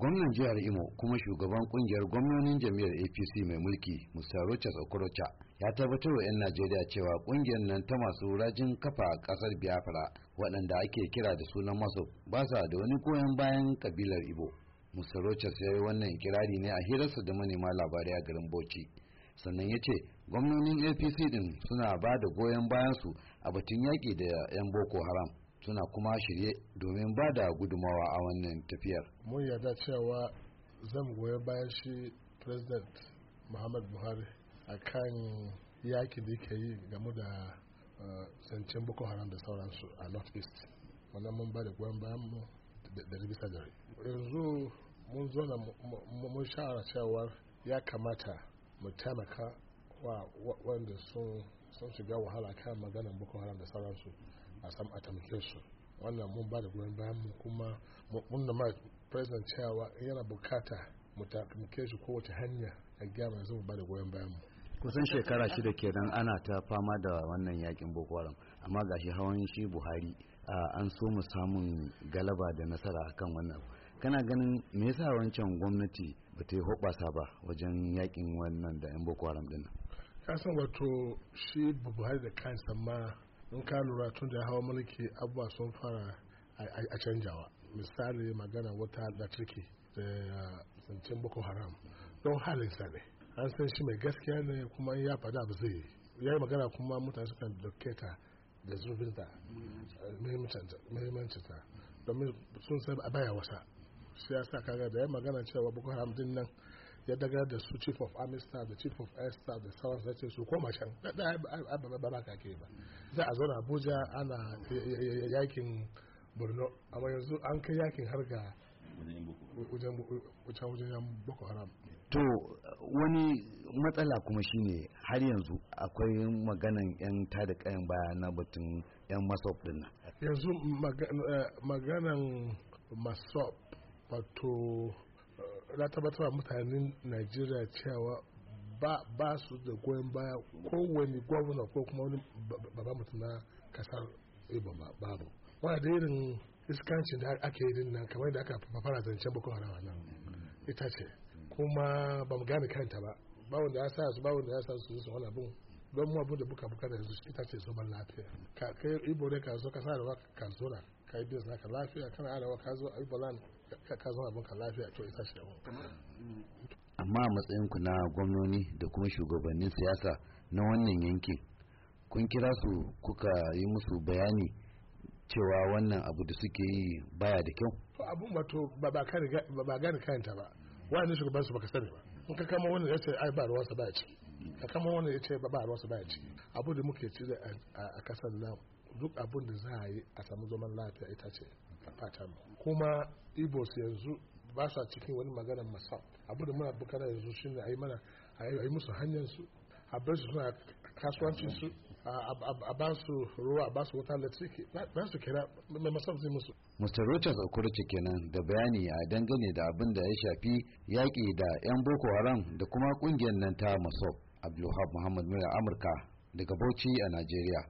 gwamnan jihar imo kuma shugaban kungiyar gwamnonin jami'ar apc mai mulki Rochas okorocha ya tabbatar wa 'yan najeriya cewa kungiyar nan ta masu rajin kafa kasar biafra waɗanda ake kira da sunan masu ba sa da wani koyon bayan kabilar ibo rochas ya yi wannan kirari ne a hirarsa da manema labarai a garin bauchi sannan ya ce gwamnonin apc din suna ba da goyon bayansu a batun yaƙi da 'yan boko haram suna kuma shirye domin ba da gudumawa a wannan tafiyar mun yarda cewa zan goya bayan shi president muhammad buhari a kan yakin da yake yi game da uh, zancen boko haram da sauransu a north east wannan mun ba da goyon bayan mu da bisa dare yanzu mun zo na mun shawara cewa ya kamata mu taimaka wa wanda sun shiga wahala kan maganar boko haram da sauransu a sam a tamke wannan mun ba da goyon bayan mu kuma mun da mai president cewa yana bukata mu tamke shi kowace hanya a gyara yanzu mu ba da goyon bayan mu kusan shekara shida kenan ana ta fama da wannan yakin boko haram amma gashi hawan shi buhari an so mu samun galaba da nasara akan wannan kana ganin me yasa wancan gwamnati ba ta yi hoɓasa ba wajen yakin wannan da yan boko haram din ya san wato shi buhari da kansa ma in ka lura tun da hawa mulki abubuwa sun fara a canjawa misali magana wata da turki da eh, zancen boko haram don halin ne an san shi mai gaskiya ne kuma ya fada ba zai ya yi magana kuma mutane suka doketa da zurfinta muhimmancinta domin sun sai a baya wasa siyasa ya sa kaga da ya magana cewa boko haram din nan ya daga da su chief of army staff da chief of air staff da sauran na su koma can ba ba ka ke ba za a zauna abuja ana yakin borno amma yanzu an kai yakin har ga wajen yan boko haram to wani matsala kuma shine har yanzu akwai maganan yan tada kayan baya na batun yan masop din yanzu eh, maganan masop wato na tabbatar mutanen najeriya cewa ba su da goyon baya kowane gwamna ko kuma wani babban mutum na kasar ibo babu wani da irin iskancin da ake yi nan kamar da aka fara zancen bakon harawa nan ita ce kuma ba mu gane kanta ba bawon da ya sa su bawon da ya sa su su wani abin don mu abu da buka buka da yanzu ita ce zaman lafiya ka kai ibo ne ka zo ka sa rawa ka zo ka yi biyan ka lafiya kana arawa ka zo ibo lan ka zo abin ka lafiya to ita ce amma a matsayin ku na gwamnoni da kuma shugabannin siyasa na wannan yankin kun kira su kuka yi musu bayani cewa wannan abu da suke yi baya da kyau to abun ba to ba ba gane kayanta ba wani shugaban su baka sani ba in ka kama wani ya ce ai ba ruwansa ba ci ka kama wani ya ce ba ruwansa ba ci abu da muke ci a kasar nan duk abun da za a yi a samu zaman lafiya ita ce fata mu kuma su yanzu ba sa cikin wani maganar masa abu da muna bukara yanzu shine a yi mana a yi musu hanyar su a bar su suna kasuwancin su a ba su ruwa a ba su wuta su kira mai musu. Mr. Richard Okurci kenan da bayani a dangane da abin da ya shafi yaƙi da 'yan Boko Haram da kuma ƙungiyar nan ta Masop. Abdulhab Muhammad Mura Amurka daga Bauchi a Najeriya.